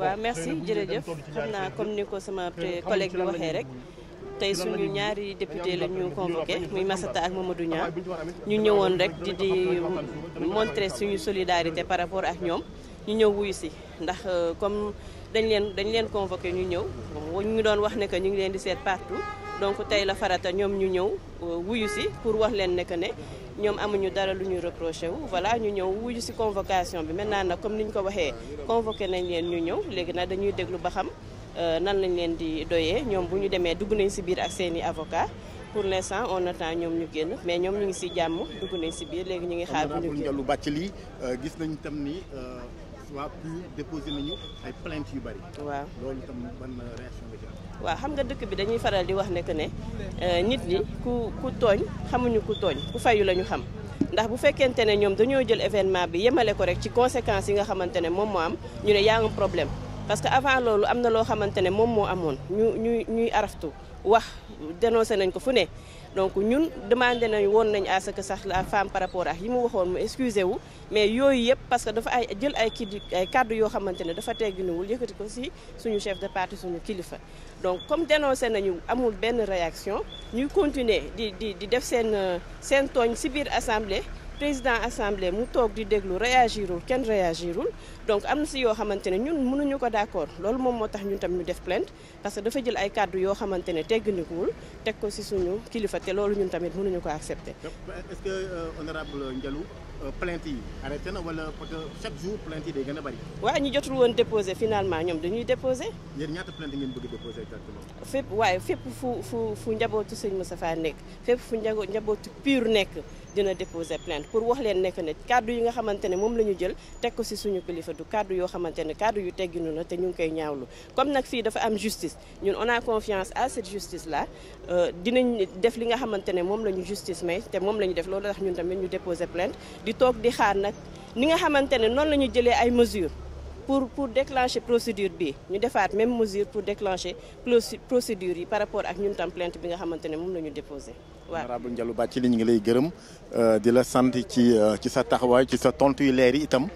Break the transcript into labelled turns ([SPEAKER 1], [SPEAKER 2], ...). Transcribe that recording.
[SPEAKER 1] waaw merci jërëjëf xam
[SPEAKER 2] naa comme ni ko sama collègue bi waxee rek tey suñu ñaari député la ñu convoqué muy Massata ak Mamadou Niang ñu ñëwoon rek di di montré suñu solidarité par rapport ak ñoom ñu ñëw wuyu si ndax euh, comme dañ leen dañ leen convoqué ñu ñëw ñu ngi doon wax ne que ñu ngi leen di seet partout donc tey la farata ñoom ñu ñëw euh, wuyu si pour wax leen ne que ne ñoom amuñu dara lu ñuy reproché wu voilà ñu ñëw wuyu si convocation bi maintenant nag comme ni ñu ko waxee convoqué nañ leen ñu ñëw léegi nag dañuy déglu ba xam euh, nan lañ leen di doyee ñoom bu ñu demee dugg nañ si biir ak seeni avocat pour l'instant on attend ñoom ñu génn mais ñoom ñu ngi si jàmm dugg nañ si biir léegi ñu ngi xaar bu ñu génn lu
[SPEAKER 1] bàcc lii gis nañ tam ni euh, waa waaw loolu itam ban réaction nga ci am. waaw xam nga
[SPEAKER 2] dëkk bi dañuy faral di wax ne que ne euh, nit ñi ku ku tooñ xamuñu ku tooñ ku fayu la ñu xam. ndax bu fekkente ne ñoom dañoo jël événement bi yemale ko rek ci conséquences yi nga xamante ne moom moo am ñu ne yaa ngi problème parce que avant loolu am na loo xamante ne moom moo amoon ñu ñuy ñuy araftu wax dénoncé nañ ko fu ne. donc ñun demandé nañu woon nañ à ce sax la femme par rapport ak yi mu waxoon mu excusé wu mais yooyu yëpp parce que dafa ay jël ay kii ay kàddu yoo xamante ne dafa tegginuwul yëkkati ko si suñu chef de parti suñu kilifa donc comme dénoncé nañu amul benn réaction ñuy continuer di di di def seen seen tooñ si biir assemblée président assemblée mu toog di déglu réagirul kenn réagirul donc am na si yoo xamante ne ñun mënuñu ko d'accord loolu moom moo tax ñun tam ñu def plainte parce que dafa jël ay kàddu yoo xamante ne teggandikuwul teg ko si suñu kilifa te loolu ñun tamit mënuñu ko accepter.
[SPEAKER 1] est-ce que euh, honorable Ndialou euh, plainte yi arrêté na wala parce a bari. waaw ñi
[SPEAKER 2] jotul woon déposé finalement ñoom dañuy déposé.
[SPEAKER 1] yéen ñaata plainte ngeen bëgg déposé
[SPEAKER 2] fépp waaye fépp fu fu fu njabootu sëñ Moustapha nekk fépp fu njabootu PUR nekk. dina déposer plainte pour wax leen nekk ne kàddu yi nga xamante ne moom la ñu jël teg ko si suñu kilifa du kàddu yoo xamante ne kàddu yu tegginu na te ñu ngi koy ñaawlu comme nag fii dafa am justice ñun on a confiance à cette justice là euh, dinañ def li nga xamante ne moom la ñu justice may te moom la ñu def loolu tax ñun tamit ñu déposer plainte di toog di xaar nag ni nga xamante ne noonu la ñu jëlee ay mesures pour pour déclencher procédure bi ñu defaat même mesure pour déclencher procédure yi par rapport ak ñun tam plainte bi nga xamante ne moom la ñu déposé
[SPEAKER 1] waa honorable njalu baat ci li ngi lay gërëm euh, di la sant ci euh, ci sa taxawaay ci sa tontu yu leer yi itam.